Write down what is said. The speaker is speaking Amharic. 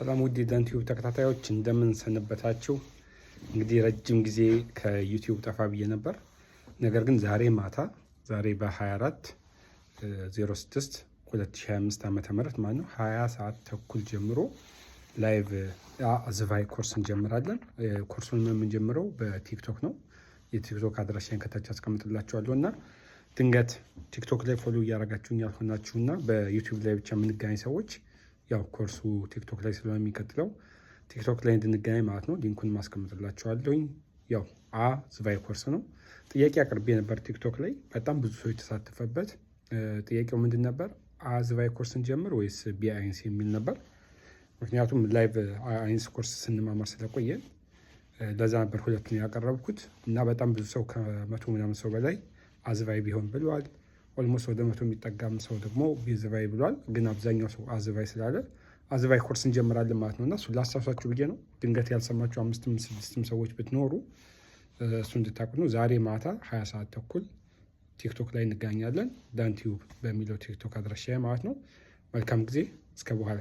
ሰላም ውድ የደንቲዩብ ተከታታዮች እንደምን ሰነበታችሁ? እንግዲህ ረጅም ጊዜ ከዩቲዩብ ጠፋ ብዬ ነበር። ነገር ግን ዛሬ ማታ ዛሬ በ24 06 2025 ዓ ም ማነው 20 ሰዓት ተኩል ጀምሮ ላይቭ ዝቫይ ኮርስ እንጀምራለን። ኮርሱን የምንጀምረው በቲክቶክ ነው። የቲክቶክ አድራሻን ከታች አስቀምጥላችኋለሁ እና ድንገት ቲክቶክ ላይ ፎሎ እያደረጋችሁኝ ያልሆናችሁና በዩቲዩብ ላይ ብቻ የምንገናኝ ሰዎች ያው ኮርሱ ቲክቶክ ላይ ስለሆነ የሚቀጥለው ቲክቶክ ላይ እንድንገናኝ ማለት ነው። ሊንኩን ማስቀምጥላችኋለሁኝ። ያው አ ዝቫይ ኮርስ ነው። ጥያቄ አቅርቤ ነበር ቲክቶክ ላይ በጣም ብዙ ሰዎች የተሳተፈበት። ጥያቄው ምንድን ነበር? አ ዝቫይ ኮርስ እንጀምር ወይስ ቢ አይንስ የሚል ነበር። ምክንያቱም ላይቭ አይንስ ኮርስ ስንማማር ስለቆየን ለዛ ነበር ሁለቱን ያቀረብኩት እና በጣም ብዙ ሰው ከመቶ ምናምን ሰው በላይ አዝቫይ ቢሆን ብለዋል። ኦልሞስት ወደ መቶ የሚጠጋም ሰው ደግሞ ቤዝባይ ብሏል። ግን አብዛኛው ሰው አዝባይ ስላለ አዝባይ ኮርስ እንጀምራለን ማለት ነው እና እሱ ላስታውሳችሁ ብዬ ነው። ድንገት ያልሰማችሁ አምስትም ስድስትም ሰዎች ብትኖሩ እሱ እንድታቁ ነው። ዛሬ ማታ ሀያ ሰዓት ተኩል ቲክቶክ ላይ እንገኛለን። ዳንቲዩብ በሚለው ቲክቶክ አድራሻ ማለት ነው። መልካም ጊዜ። እስከ በኋላ